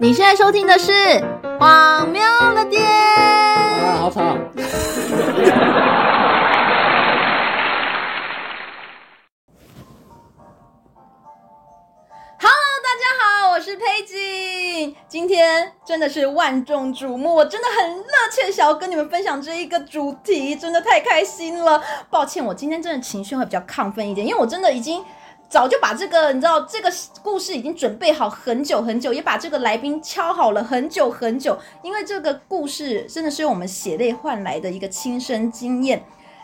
你現在收聽的是《荒謬的店》。啊，好吵！哈嘍，大家好，我是佩錦。今天真的是萬眾矚目，我真的很熱切想要跟你們分享這一個主題，真的太開心了。抱歉，我今天真的情緒會比較亢奮一點，因為我真的已經。早就把這個，你知道這個故事已經準備好很久很久，也把這個來賓敲好了很久很久。因為這個故事真的是用我們血淚換來的一個親身經驗。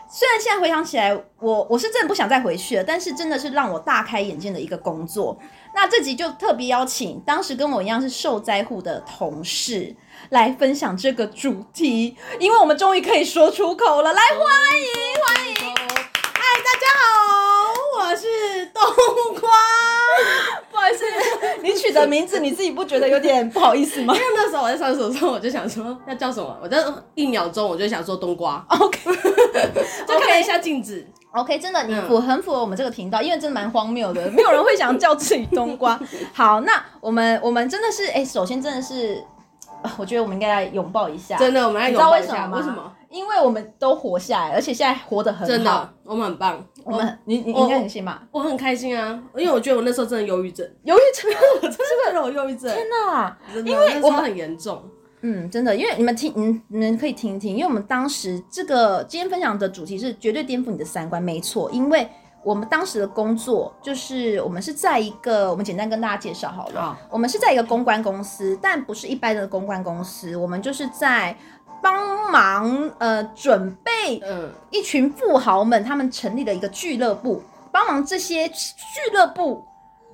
雖然現在回想起來，我我是真的不想再回去了，但是真的是讓我大開眼界的一個工作。那這集就特別邀請當時跟我一樣是受災戶的同事來分享這個主題，因為我們終於可以說出口了。來，歡迎歡迎，嗨，大家好。是冬瓜， 不好意思， 你取的名字你自己不覺得有點不好意思嗎？ 因為那時候我在上廁所的時候，我就想說要叫什麼？我在一秒鐘我就想說冬瓜，OK， 就看一下鏡子 okay.，OK，真的，嗯、你符很符合我們這個頻道，因為真的蠻荒謬的，沒有人會想叫自己冬瓜。 好，那我們我們真的是，哎、欸，首先真的是，我覺得我們應該要擁抱一下，真的，我們來擁抱一下，為什，為什麼？因為我們都活下來，而且現在活得很好，真的，我們很棒。我，我們你你，你，你應該很信吧？我很開心啊！因為我覺得我那時候真的憂鬱症，憂鬱症， 真的讓我憂鬱症。天吶、啊，真的，因為我那時候很嚴重。嗯，真的，因為你們聽，你們可以聽一聽，因為我們當時這個今天分享的主題是絕對顛覆你的三觀，沒錯。因為我們當時的工作就是我們是在一個，我們簡單跟大家介紹好了，哦、我們是在一個公關公司，但不是一般的公關公司，我們就是在。幫忙，呃，準備，嗯，一群富豪們，他們成立了一個俱樂部，幫忙這些俱樂部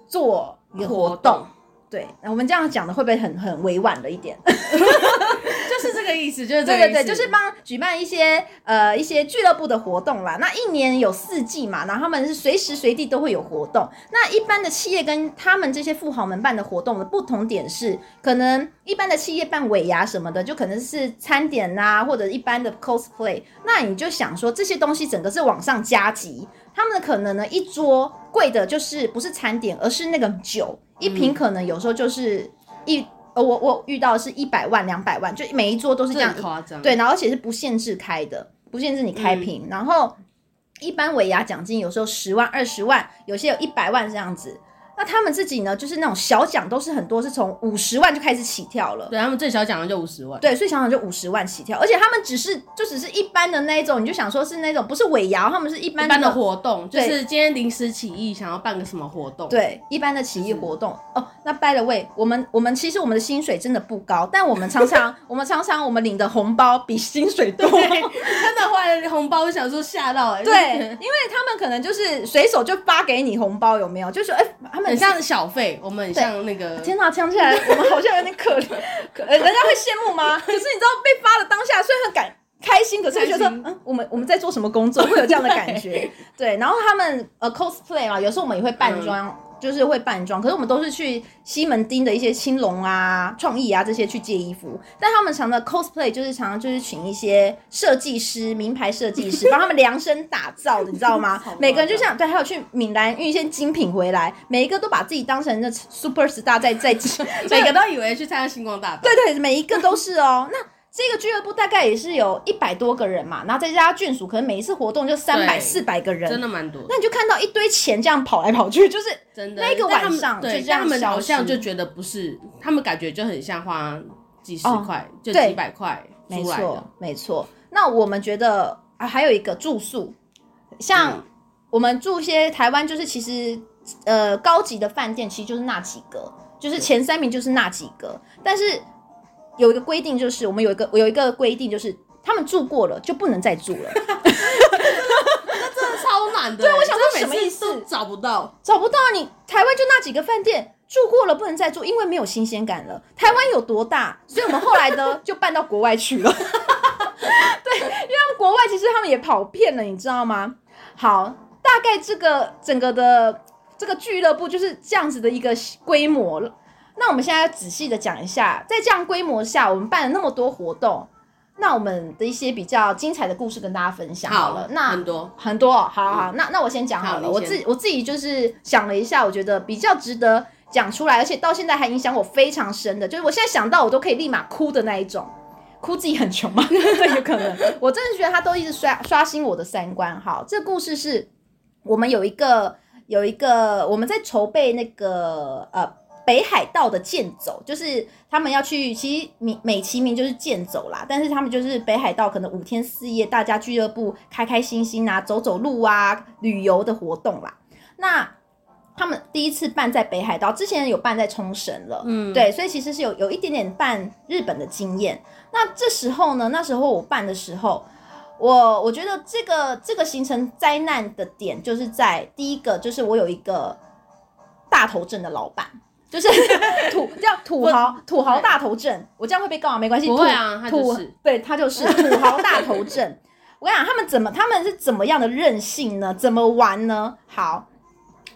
做一個活動。活動。對，我們這樣講的會不會很很委婉了一點？ 的意思就是這個，對對對，就是幫舉辦一些呃一些俱樂部的活動啦。那一年有四季嘛，然後他們是隨時隨地都會有活動。那一般的企業跟他們這些富豪們辦的活動的不同點是，可能一般的企業辦尾牙、啊、什麼的，就可能是餐點吶、啊，或者一般的 cosplay。那你就想說，這些東西整個是往上加級，他們的可能呢一桌貴的就是不是餐點，而是那個酒，一瓶可能有時候就是一。嗯我我遇到的是一百萬、兩百萬，就每一桌都是這樣，這很誇張。對，然後而且是不限制開的，不限制你開瓶。嗯，然後一般尾牙獎金有時候十萬、二十萬，有些有一百萬這樣子。那他們自己呢？就是那種小獎都是很多，是從五十萬就開始起跳了。對，他們最小獎的就五十萬。對，所以想想就五十萬起跳，而且他們只是就只是一般的那一種，你就想說是那種不是尾牙，他們是一般的，一般的活動，對就是今天臨時起意對想要辦個什麼活動。對，一般的起意活動。哦是，那、oh, by the way，我們我們其實我們的薪水真的不高，但我們常常 我們常常我們領的紅包比薪水多，真的，發的紅包我想說嚇到了 對，因為他們可能就是隨手就發給你紅包，有沒有？就說哎、欸，他們。很像小費，對我們很像那個天吶，聽起來我們好像有點可憐，可 人家會羨慕嗎？ 可是你知道被發的當下，雖然很感開心，可是覺得心嗯，我們我們在做什麼工作會 對有這樣的感覺？對，然後他們呃 cosplay 嘛，有時候我們也會扮裝。嗯就是會扮裝，可是我們都是去西門町的一些青龍啊、創意啊這些去借衣服，但他們常常 cosplay，就是常常就是請一些設計師、 名牌設計師幫他們量身打造， 你知道嗎？ 每個人就像對，還有去閩南運一些精品回來，每一個都把自己當成那 superstar，在在， 就每個都以為去參加星光大。 對，對對，每一個都是哦， 那。這個俱樂部大概也是有一百多個人嘛，然後再加眷屬，可能每一次活動就三百四百個人，真的蠻多的。那你就看到一堆錢這樣跑來跑去，就是真的。那一個晚上，對，這樣對，他們好像就覺得不是，他們感覺就很像花幾十塊，哦、就幾百塊，沒錯，沒錯。那我們覺得啊，還有一個住宿，像我們住一些台灣，就是其實呃高級的飯店，其實就是那幾個，就是前三名就是那幾個，對但是。有一個規定就是，我們有一個有一個規定就是，他們住過了就不能再住了。哈哈哈哈哈哈。那真的超難的。 對，我想說什麼意思？ 找不到，找不到你。你台灣就那幾個飯店住過了不能再住，因為沒有新鮮感了。台灣有多大？所以我們後來呢就搬到國外去了。哈哈哈哈哈。對，因為他們國外其實他們也跑遍了，你知道嗎？好，大概這個整個的這個俱樂部就是這樣子的一個規模了。那我們現在要仔細的講一下，在這樣規模下，我們辦了那麼多活動，那我們的一些比較精彩的故事跟大家分享好了。好，那很多很多，好好、啊，嗯、那那我先講好了。好，我自己我自己就是想了一下，我覺得比較值得講出來，而且到現在還影響我非常深的，就是我現在想到我都可以立馬哭的那一種，哭自己很窮嗎？對，有可能，我真的覺得他都一直刷刷新我的三觀。好，這個、故事是，我們有一個有一個我們在籌備那個呃。北海道的健走就是他們要去，其實名美其名就是健走啦，但是他們就是北海道可能五天四夜，大家俱樂部開開心心啊，走走路啊，旅遊的活動啦。那他們第一次辦在北海道，之前有辦在沖繩了，嗯，對，所以其實是有有一點點辦日本的經驗。那這時候呢，那時候我辦的時候，我我覺得這個這個行程災難的點，就是在第一個就是我有一個大頭症的老板，就是土叫土豪我土豪大頭症，啊、我這樣會被告啊？沒關係，對啊，土土他就是，對，他就是土豪大頭症。 我跟你講，他們怎麼他們是怎麼樣的任性呢？怎麼玩呢？好，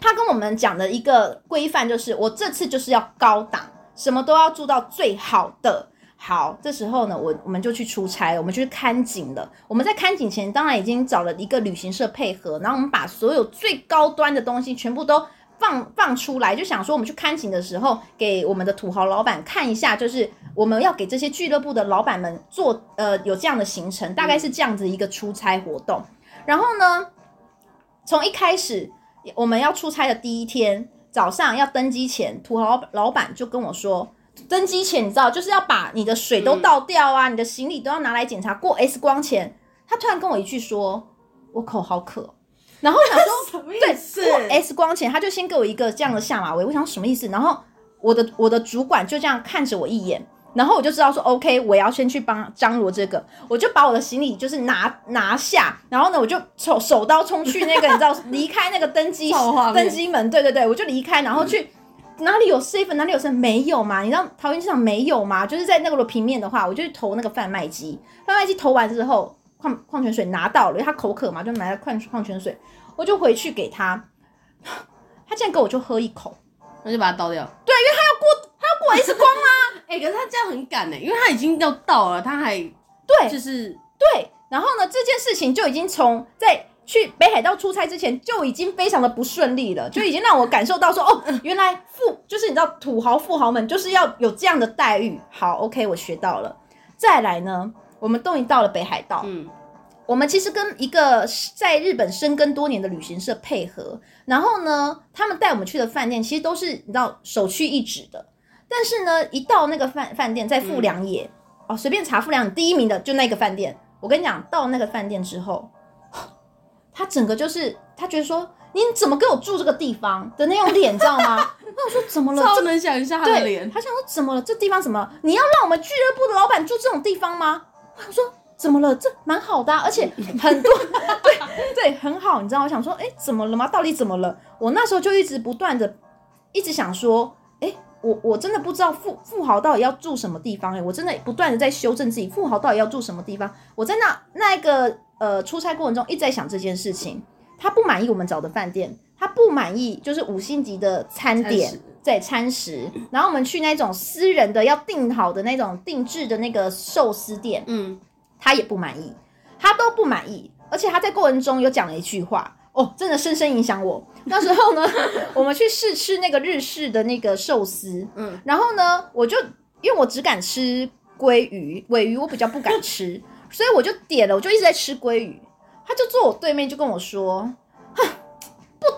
他跟我們講的一個規範就是，我這次就是要高檔，什麼都要做到最好的。好，這時候呢，我我們就去出差，我們就去看景了。我們在看景前，當然已經找了一個旅行社配合，然後我們把所有最高端的東西全部都。放放出來就想說，我們去看景的時候，給我們的土豪老闆看一下，就是我們要給這些俱樂部的老闆們做呃有這樣的行程，大概是這樣子一個出差活動。嗯、然後呢，從一開始我們要出差的第一天早上要登機前，土豪老闆就跟我說，登機前你知道，就是要把你的水都倒掉啊，嗯、你的行李都要拿來檢查過 X 光前，他突然跟我一句說，我口好渴。然後我想說， 對，過 S 光前他就先給我一個這樣的下馬威，我想什麼意思？然後我的我的主管就這樣看着我一眼，然後我就知道說 OK，我要先去幫張羅這個，我就把我的行李就是拿拿下，然後呢我就手手刀衝去那個，你知道離開那個登機 登機門，對對對，我就離開，然後去哪裡有 safe 哪裡有 safe sa 沒有嘛？你知道桃園機場沒有嘛？就是在那個平面的話，我就去投那個販賣機，販賣機投完之後。礦礦泉水拿到了，因為他口渴嘛，就買了礦礦泉水，我就回去給他。他竟然給我就喝一口，我就把它倒掉。對，因為他要過，他要過一次光啊哎、 欸，可是他這樣很敢哎，因為他已經要到了，他還對，就是對。然後呢，這件事情就已經從在去北海道出差之前就已經非常的不順利了，就已經讓我感受到說 哦，原來富就是你知道土豪富豪們就是要有這樣的待遇。好，OK，我學到了。再來呢？我們終於到了北海道。嗯，我們其實跟一個在日本深耕多年的旅行社配合，然後呢，他們帶我們去的飯店其實都是你知道首屈一指的。但是呢，一到那個飯飯店，在富良野、嗯、哦，隨便查富良野第一名的就那個飯店。我跟你講，到那個飯店之後，他整個就是他覺得說你怎麼給我住這個地方的那種臉，你 知道嗎？ 那我說怎麼了？超能想象他的臉，他想說怎麼了？這地方怎麼了？你要讓我們俱樂部的老板住這種地方嗎？我想說怎麼了？這蠻好的，啊，而且很多， 對對，很好，你知道？我想說，哎、欸，怎麼了嗎？到底怎麼了？我那時候就一直不斷的，一直想說，哎、欸，我我真的不知道富富豪到底要住什麼地方，欸，哎，我真的不斷的在修正自己，富豪到底要住什麼地方？我在那那個呃出差過程中，一直在想這件事情。他不滿意我們找的飯店，他不滿意就是五星級的餐點。餐食在餐食，然後我們去那種私人的，要訂好的那種定制的那個壽司店，嗯，他也不滿意，他都不滿意，而且他在過程中有講了一句話，哦，真的深深影響我。那時候呢， 我們去試吃那個日式的那個壽司，嗯，然後呢，我就因為我只敢吃鮭魚、鮭魚，我比較不敢吃，所以我就點了，我就一直在吃鮭魚，他就坐我對面就跟我說。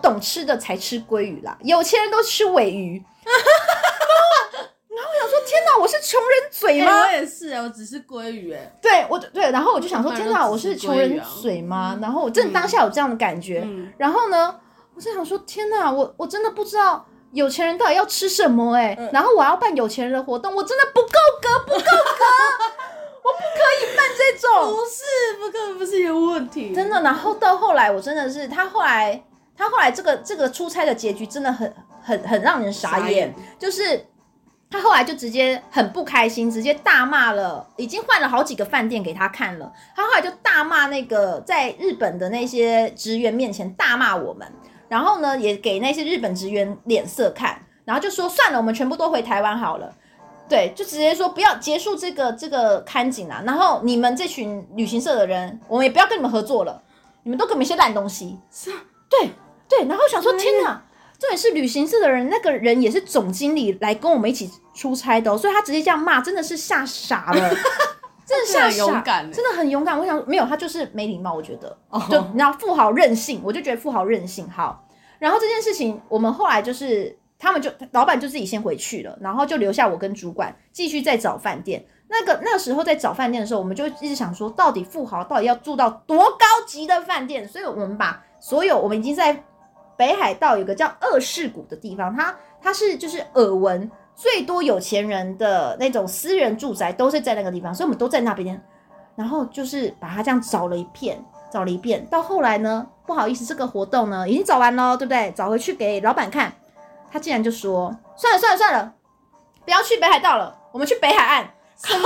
懂吃的才吃鮭魚啦，有錢人都吃鮪魚。 然、然後我想說，天哪，我是窮人嘴嗎？欸、我也是哎，我只是鮭魚哎、欸。對，我對，然後我就想說，天哪，我是窮人嘴嗎？啊、然後我真的當下有這樣的感覺，嗯、然後呢，我就想說，天哪，我我真的不知道有錢人到底要吃什麼哎、欸。嗯、然後我要辦有錢人的活動，我真的不夠格，不夠格， 我不可以辦這種，不是，不可能，不是有問題，真的。然後到後來，我真的是他後來。他後來這個這個出差的結局真的很很很讓人傻眼，傻眼就是他後來就直接很不開心，直接大罵了，已經換了好幾個飯店給他看了。他後來就大罵那個在日本的那些職員面前大罵我們，然後呢，也給那些日本職員臉色看，然後就說算了，我們全部都回台灣好了，對，就直接說不要結束這個這個勘景啊，然後你們這群旅行社的人，我們也不要跟你們合作了，你們都給我們一些爛東西，是、啊，對。對，然後想說天哪，嗯、這也是旅行社的人，那個人也是總經理來跟我們一起出差的，哦，所以他直接這樣罵，真的是嚇傻了， 真的嚇傻，真的很勇敢。我想沒有他就是沒禮貌，我覺得，哦、就然後富豪任性，我就覺得富豪任性好。然後這件事情，我們後來就是他們就老闆就自己先回去了，然後就留下我跟主管繼續在找飯店。那個那個時候在找飯店的時候，我們就一直想說，到底富豪到底要住到多高級的飯店？所以我們把所有我們已經在。北海道有個叫二世谷的地方，它它是就是耳聞最多有錢人的那種私人住宅都是在那個地方，所以我們都在那邊。然後就是把它這樣找了一遍，找了一遍。到後來呢，不好意思，這個活動呢已經找完了，對不對？找回去給老板看，他竟然就說：“算了算了算了，不要去北海道了，我們去北海岸。”什麼？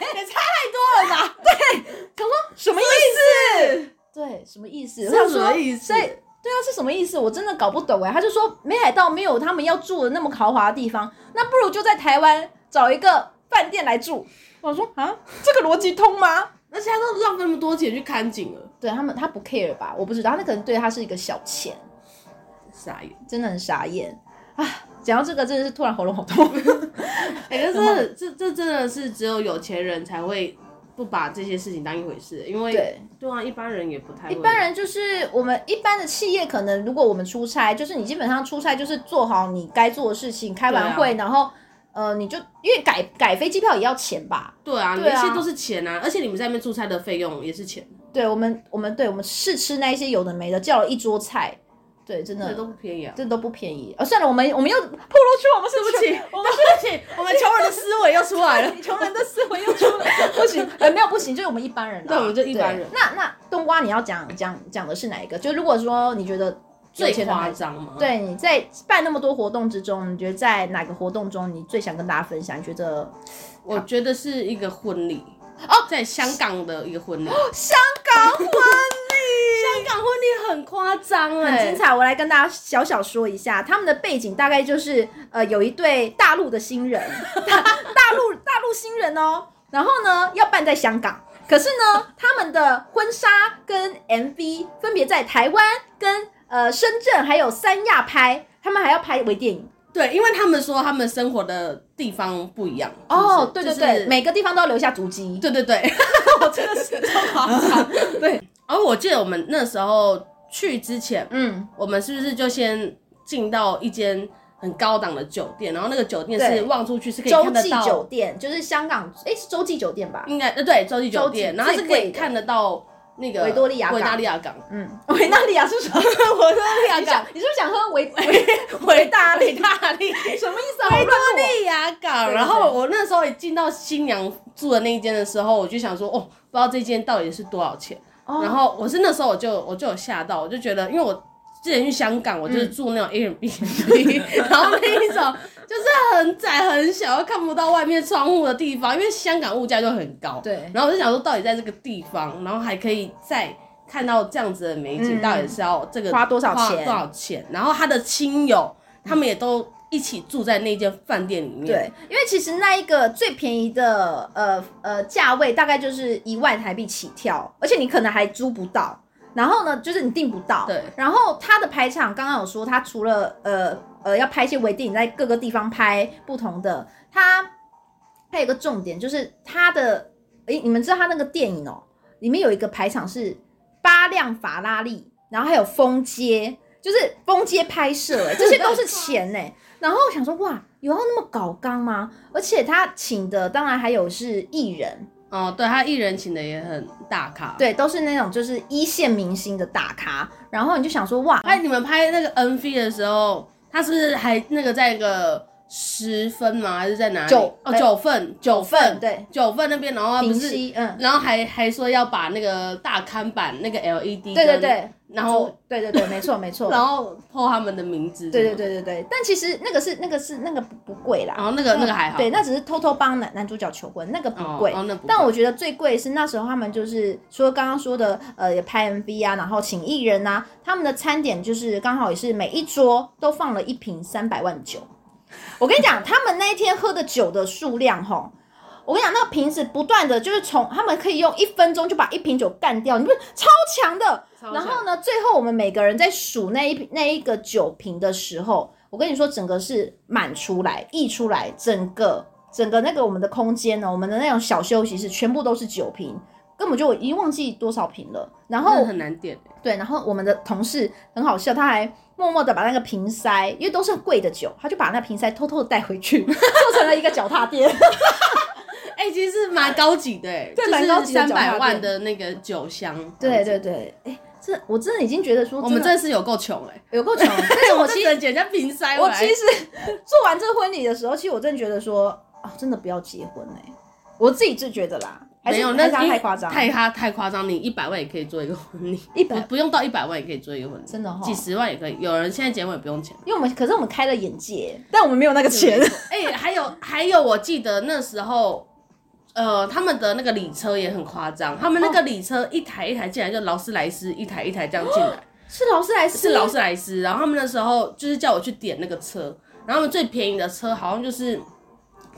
也看 差太多了吧 對？他說什麼意思？意思對，什麼意思？他說什麼意思所以。對啊，是什麼意思？我真的搞不懂哎、欸。他就說，北海道沒有他們要住的那麼豪華的地方，那不如就在台灣找一個飯店來住。我說啊，這個邏輯通嗎？那現 他都浪那麼多錢去看景了，對他們，他不 care 吧？我不知道，他那可能對他是一個小錢，傻眼，真的很傻眼啊！講到這個，真的是突然喉嚨好痛。哎、 欸，就是、嗎這這這真的是只有有錢人才會不把這些事情當一回事，因為對對啊，一般人也不太。一般人就是我們一般的企業，可能如果我們出差，就是你基本上出差就是做好你該做的事情，開完會，啊、然後呃，你就因為改改飛機票也要錢吧？對啊，一些都是錢啊，啊而且你們在那邊出差的費用也是錢。對，我們我們對，我們試吃那一些有的沒的，叫了一桌菜，對，真的這都不便宜啊，這都不便宜。啊，算了我，我們露出我們又破入去，我們對不起，我們對不起，我們窮人的思維又出來了，你窮 人的思。就我們一般人了，啊，對，我就一般人。那那冬瓜，你要講講講的是哪一個？就如果說你覺得最誇張嗎？對，你在辦那麼多活動之中，你覺得在哪個活動中你最想跟大家分享？你覺得？我覺得是一個婚禮哦，在、oh, 香港的一個婚禮，香港婚禮， 香港婚禮很誇張，欸，很精彩。我來跟大家小小說一下，他們的背景大概就是呃，有一對大陸的新人， 大陸大陸新人哦。然後呢，要辦在香港，可是呢，他們的婚紗跟 MV 分別在台灣跟呃深圳還有三亞拍，他們還要拍微電影。對，因為他們說他們生活的地方不一樣。哦，就是、對，對對對，就是、每個地方都要留下足跡。對對對，我真的是超誇張。對，而我記得我們那時候去之前，嗯，我們是不是就先進到一間？很高檔的酒店，然後那個酒店是望出去是可以看得到酒店，就是香港，哎，是洲際酒店吧？應該呃對，洲際酒店，然後是可以看得到那個維多利亞港。維多利亞港，嗯，維多利亞港？你是不是想說維維維大維大利？什麼意思？維多利亞港。然後我那時候一進到新娘住的那一間的時候，我就想說，哦，不知道這間到底是多少錢。然後我是那時候我就我就有嚇到，我就覺得，因為我。之前去香港，我就是住那種 Airbnb，嗯，然後那一種就是很窄很小又看不到外面窗戶的地方，因為香港物價就很高。對。然後我就想說，到底在這個地方，然後還可以再看到這樣子的美景，嗯，到底是要這個花多少錢？多少錢？然後他的親友他們也都一起住在那間飯店裡面。對，因為其實那一個最便宜的呃呃價位大概就是一萬台幣起跳，而且你可能還租不到。然後呢，就是你訂不到。對。然後他的排場，剛剛有說，他除了呃呃要拍一些微電影，在各個地方拍不同的。他還有一個重點就是他的，哎，你們知道他那個電影哦，裡面有一個排場是八輛法拉利，然後還有封街，就是封街拍攝，欸，這些都是錢哎，欸。 然後我想說，哇，有那麼搞剛嗎？而且他請的，當然還有是藝人。哦，對他藝人請的也很大咖，對，都是那種就是一線明星的大咖，然後你就想說哇，哎，你們拍那個 MV 的時候，他是不是還那個在一個。十分嗎？還是在哪？九哦，九份，九份，對，九份那邊，然後不是，嗯，然後還還說要把那個大看板那個 L E D，對對對，然後對對對，沒錯沒錯，然後播他們的名字，對對對對對。但其實那個是那個是那個不貴啦，然後那個那個還好，對，那只是偷偷幫男男主角求婚，那個不貴。哦，那不貴。但我覺得最貴是那時候他們就是說剛剛說的呃，也拍 M V 啊，然後請藝人啊，他們的餐點就是剛好也是每一桌都放了一瓶三百萬酒。 我跟你講，他們那一天喝的酒的數量，吼，我跟你講，那個瓶子不斷的就是從他們可以用一分鐘就把一瓶酒乾掉，你不是超強的？強。然後呢，最後我們每個人在數那一瓶那一個酒瓶的時候，我跟你說，整個是滿出來、溢出來，整個整個那個我們的空間呢，我們的那種小休息室全部都是酒瓶。根本就已經忘記多少瓶了，然後真的很難點。對，然後我們的同事很好笑，他還默默的把那個瓶塞，因為都是貴的酒，他就把那個瓶塞偷偷的帶回去，做成了一個腳踏墊。哎、 欸，其實蠻高級的，對、啊，蠻高級。三百萬的那個酒箱，對對對。哎、欸，這我真的已經覺得說，我們真的是有夠窮哎，有夠窮。但是我其實撿下 瓶塞我，我其實做完這個婚禮的時候，其實我真的覺得說啊、哦，真的不要結婚哎，我自己是覺得啦。沒有，那太誇張太，太誇張！你一百萬也可以做一個婚禮，一百不不用到一百萬也可以做一個婚禮，真的哈、哦，幾十萬也可以。有人現在結婚也不用錢。因為我們可是我們開了眼界，但我們沒有那個錢。哎、欸， 還有還有，我記得那時候，呃，他們的那個禮車也很誇張，他們那個禮車一台一台進來，就勞斯萊斯一台一台這樣進來，哦、是勞斯萊斯，是勞斯萊斯。然後他們那時候就是叫我去點那個車，然後他們最便宜的車好像就是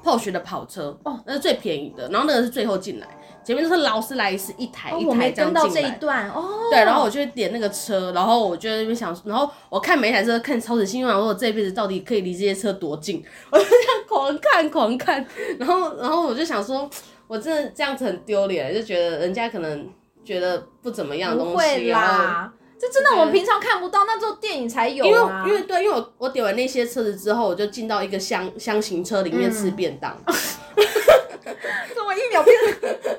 Porsche 的跑車哦，那是最便宜的，然後那個是最後進來。前面就是勞斯萊斯一台，哦、一台這樣進來的一段，哦，對，然後我就點那個車，然後我就在那邊想，然後我看每台車看超級興奮，我說我這輩子到底可以離這些車多近，我就這樣狂看狂看，狂看，然後然後我就想說，我真的這樣子很丟臉，就覺得人家可能覺得不怎麼樣的東西，不會啦，後了這真的我們平常看不到，那只有電影才有啊，因為對，因為我我點完那些車子之後，我就進到一個箱箱型車裡面吃便當，哈哈哈我一秒變。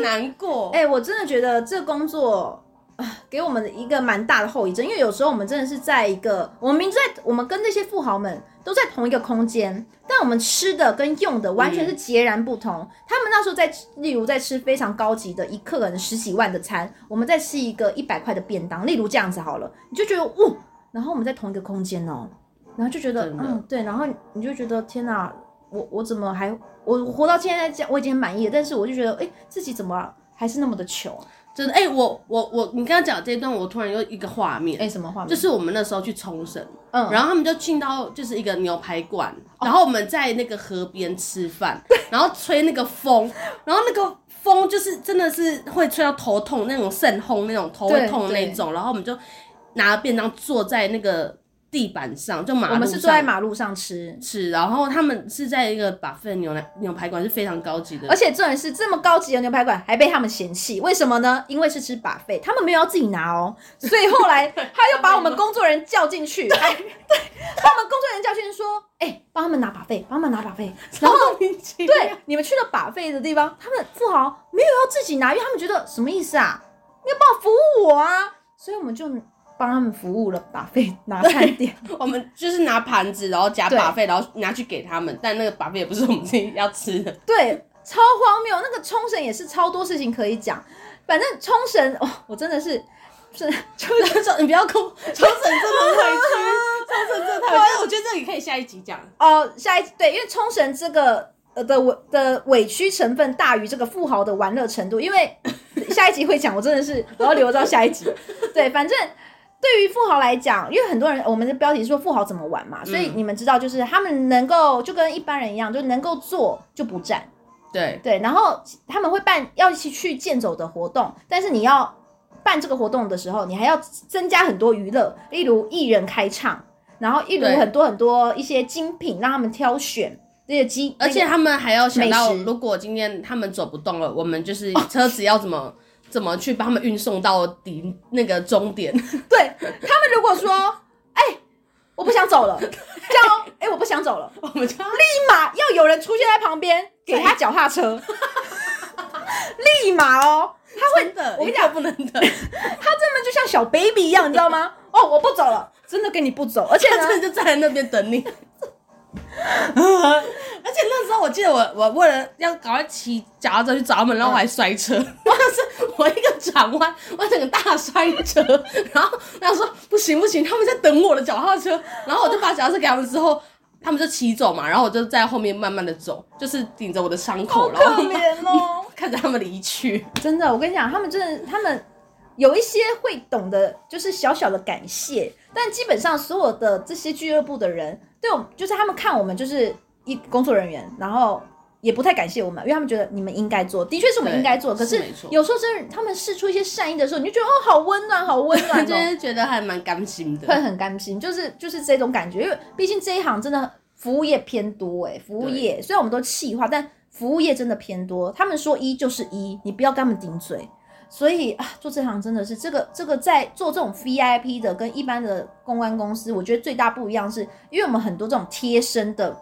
難過哎、欸，我真的覺得這個工作啊，給我們的一個蠻大的後遺症，因為有時候我們真的是在一個，我們明知在我們跟那些富豪們都在同一個空間，但我們吃的跟用的完全是截然不同。嗯、耶他們那時候在，例如在吃非常高級的一客人十幾萬的餐，我們在吃一個一百塊的便當，例如這樣子好了，你就覺得嗚、哦，然後我們在同一個空間哦，然後就覺得的嗯對，然後你就覺得天哪、啊。我我怎麼還我活到現在這樣我已經很滿意了，但是我就覺得哎、欸、自己怎麼、啊、還是那麼的窮、啊，真的哎、欸、我我我你剛剛講的這一段我突然有一個畫面哎、欸、什麼畫面就是我們那時候去沖繩，嗯，然後他們就進到就是一個牛排館，嗯、然後我們在那個河邊吃飯，哦、然後吹那個風， 然後那個風就是真的是會吹到頭痛那種腎轟那種頭會痛那種，然後我們就拿便當坐在那個。地板上就馬路上，我們是坐在馬路上吃吃，然後他們是在一個 buffet 牛排牛排館是非常高級的，而且居然是這麼高級的牛排館還被他們嫌棄，為什麼呢？因為是吃 buffet，他們沒有要自己拿哦，所以後來他又把我們工作人員叫進去， 還對，對 他們工作人員叫進去說，哎、欸，幫他們拿 buffet，幫他們拿 buffet，然後 對，你們去了 buffet 的地方，他們富豪沒有要自己拿，因為他們覺得什麼意思啊？你要幫我服務我啊？所以我們就。幫他們服務了，Buffet 拿餐點，我們就是拿盤子，然後夾 Buffet，然後拿去給他們。但那個 Buffet 也不是我們自己要吃的。對，超荒謬。那個沖繩也是超多事情可以講。反正沖繩，哦，我真的是是，就是 你不要哭，沖繩 這麼委屈，沖繩 這麼……哎， 我覺得這裡可以下一集講。哦、呃，下一集對，因為沖繩這個呃的委的,的委屈成分大於這個富豪的玩樂程度，因為下一集會講，我真的是 我要留到下一集。對，反正。對於富豪來講，因為很多人，我們的標題是說富豪怎麼玩嘛，嗯、所以你們知道，就是他們能夠就跟一般人一樣，就能夠坐就不站。對對，然後他們會辦要去去健走的活動，但是你要辦這個活動的時候，你還要增加很多娛樂，例如藝人開唱，然後例如很多很多一些精品對讓他們挑選那些、個、而且他們還要想到，食如果今天他們走不動了，我們就是車子要怎麼？哦怎麼去把他們運送到底那個終點？ 對他們如果說：“哎、欸，我不想走了。這樣喔”叫：“哎，我不想走了。”我們就立馬要有人出現在旁邊，給他腳踏車， 立馬哦、喔，他會，真的，我跟你講，你不能等， 他真的就像小 baby 一樣，你知道嗎？哦、oh,，我不走了，真的跟你不走，而且他真的就站在那邊等你。 而且那時候，我記得我我為了要趕快騎腳踏車去找他們，然後我還摔車。我是、啊、 我一個轉彎，我整個大摔車。 然後他說不行不行，他們在等我的腳踏車。然後我就把腳踏車給他們之後，啊、他們就騎走嘛。然後我就在後面慢慢的走，就是頂着我的傷口，好可憐哦，然後我看着他們離去。真的，我跟你講，他們真的，就是，他們有一些會懂的，就是小小的感謝。但基本上所有的這些俱樂部的人。就就是他們看我們就是一工作人員，然後也不太感謝我們，因為他們覺得你們應該做，的確是我們應該做。對可是有時候，真的他們釋出一些善意的時候，你就覺得哦，好溫暖，好溫暖，哦， 就是覺得還蠻甘心的，會很甘心，就是就是這種感覺。因為畢竟這一行真的服務業偏多，哎，服務業，對雖然我們都企劃，但服務業真的偏多。他們說一就是一，你不要跟他們頂嘴。所以啊，做這行真的是這個這個在做這種 VIP 的，跟一般的公關公司，我覺得最大不一樣是因為我們很多這種貼身的，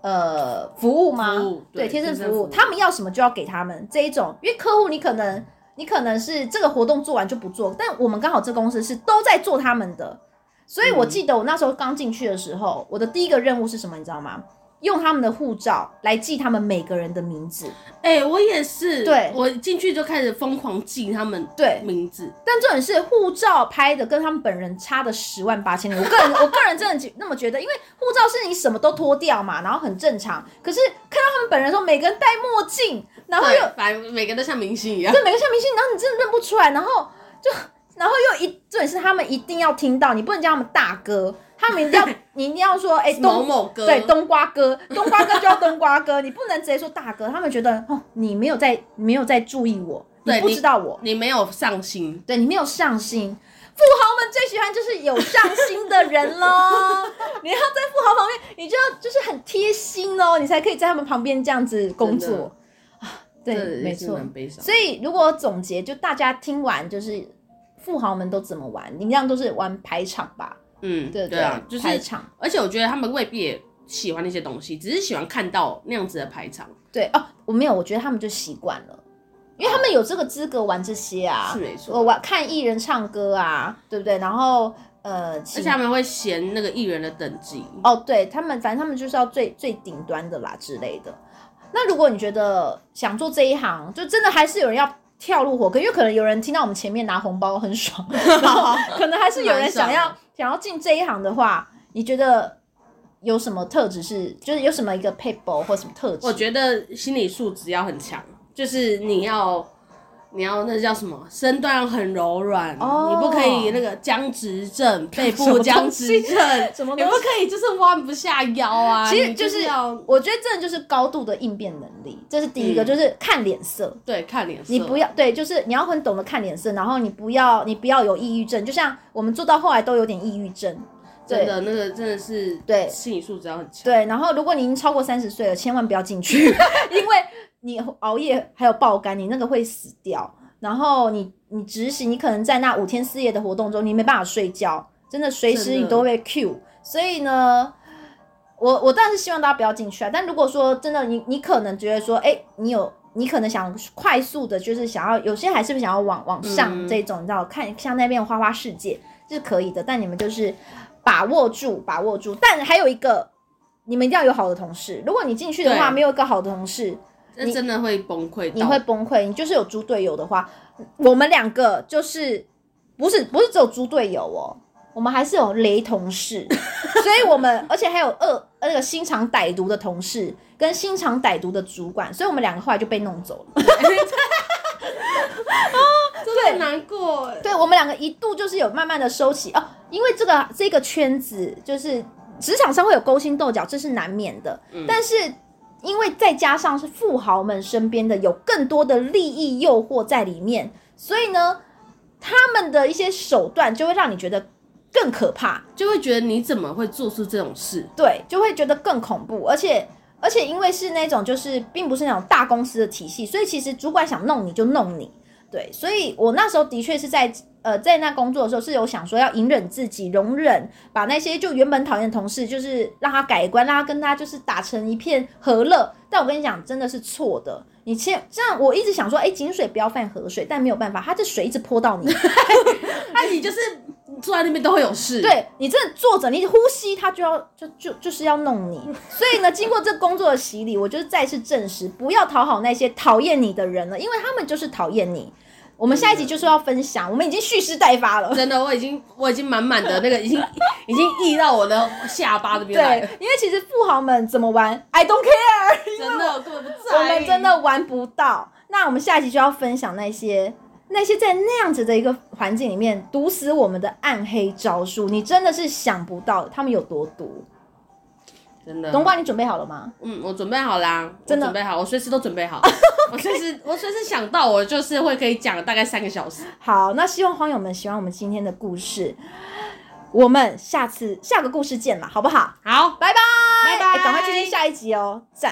呃，服務嘛，服務，對，貼身服務，貼身服務，他們要什麼就要給他們這一種。因為客戶你可能你可能是這個活動做完就不做，但我們剛好這公司是都在做他們的，所以我記得我那時候剛進去的時候，嗯，我的第一個任務是什麼，你知道嗎？用他們的護照來記他們每個人的名字，哎、欸，我也是，對，我進去就開始瘋狂記他們對名字，但重點是護照拍的跟他們本人差的十萬八千里，我個人 我個人真的那麼覺得，因為護照是你什麼都脫掉嘛，然後很正常，可是看到他們本人的時候，每個人戴墨鏡，然後又反正每個都像明星一樣，對，每個像明星，然後你真的認不出來，然後就然後又一，重點是他們一定要聽到你，不能叫他們大哥。他們要你一定要說哎，欸、東、某某哥，對，冬瓜哥，冬瓜哥就叫冬瓜哥， 你不能直接說大哥。他們覺得哦，你沒有在沒有在注意我，對，你不知道我，你沒有上心，對，你沒有上心。富豪們最喜歡就是有上心的人嘍。 你要在富豪旁邊，你就要就是很貼心哦，你才可以在他們旁邊這樣子工作，啊、對，對沒錯。所以如果總結，就大家聽完就是富豪們都怎麼玩，你這樣都是玩排場吧。嗯，對對啊，對對就是排場。而且我覺得他們未必也喜歡那些東西，只是喜歡看到那樣子的排場。對哦，我沒有，我覺得他們就習慣了，因為他們有這個資格玩這些啊，哦、是沒錯。我玩看藝人唱歌啊，對不對？然後呃，而且他們會嫌那個藝人的等級哦，對他們，反正他們就是要最最頂端的啦之類的。那如果你覺得想做這一行，就真的還是有人要跳入火坑，因為可能有人聽到我們前面拿紅包很爽， 然後可能還是有人想要。想要進這一行的話，你覺得有什麼特質是？就是有什麼一個 payball 或什麼特質？我覺得心理素質要很強，就是你要。嗯你要那叫什麼？身段很柔軟，oh, 你不可以那個僵直症、背部僵直症，怎麼？麼你不可以就是彎不下腰啊！其實就是就我覺得這就是高度的應變能力，這是第一個，嗯、就是看臉色。對，看臉色。你不要對，就是你要很懂得看臉色，然後你不要，你不要有抑鬱症，就像我們做到後來都有點抑鬱症。真的，那個真的是對心理素質要很強。對，然後如果你已經超過三十歲了，千萬不要進去， 因為。你熬夜還有爆肝，你那個會死掉。然後你你執行，你可能在那五天四夜的活動中，你沒辦法睡覺，真的隨時你都會 cue 的。所以呢，我我當然是希望大家不要進去啊。但如果說真的，你你可能覺得說，哎、欸，你有你可能想快速的，就是想要有些還是不想要往往上這種，嗯、你知道，看像那邊花花世界是可以的。但你們就是把握住，把握住。但還有一個，你們一定要有好的同事。如果你進去的話，對沒有一個好的同事。真的會崩潰，你會崩潰。你就是有豬隊友的話，我們兩個就是不是不是只有豬隊友哦、喔，我們還是有雷同事， 所以我們而且還有二那個心腸歹毒的同事跟心腸歹毒的主管，所以我們兩個後來就被弄走了。啊、 哦，真的難過對。對，我們兩個一度就是有慢慢的收起哦，因為這個這個圈子就是職場上會有勾心鬥角，這是難免的，嗯、但是。因為再加上是富豪們身邊的有更多的利益誘惑在裡面，所以呢，他們的一些手段就會讓你覺得更可怕，就會覺得你怎麼會做出這種事？對，就會覺得更恐怖。而且，而且因為是那種就是並不是那種大公司的體系，所以其實主管想弄你就弄你。對，所以我那時候的確是在呃在那工作的時候，是有想說要隱忍自己容忍，把那些就原本討厭的同事，就是讓他改觀，讓他跟他就是打成一片和樂。但我跟你講，真的是錯的。你切這樣，我一直想說，哎，井水不要犯河水，但沒有辦法，他這水一直潑到你，那 你就是。坐在那邊都會有事，嗯。對，你這坐着，你呼吸，他就要，就就就是要弄你。 所以呢，經過這工作的洗禮，我就再次證實，不要討好那些討厭你的人了，因為他們就是討厭你。我們下一集就是要分享，嗯、我們已經蓄勢待發了。真的，我已經我已經滿滿的那個已經 已經溢到我的下巴這邊來了。對，因為其實富豪們怎麼玩，I don't care，我真的，我，這我們真的玩不到。那我們下一集就要分享那些。那些在那樣子的一個環境裡面毒死我們的暗黑招數，你真的是想不到他們有多毒。真的，咚呱，你準備好了嗎？嗯，我準備好啦、啊，真的準備好，我隨時都準備好。 我隨時，我隨時想到，我就是會可以講大概三個小時。好，那希望朋友們喜歡我們今天的故事。我們下次下個故事見啦，好不好？好，拜拜拜拜，趕 bye、欸、快去聽下一集哦，讚。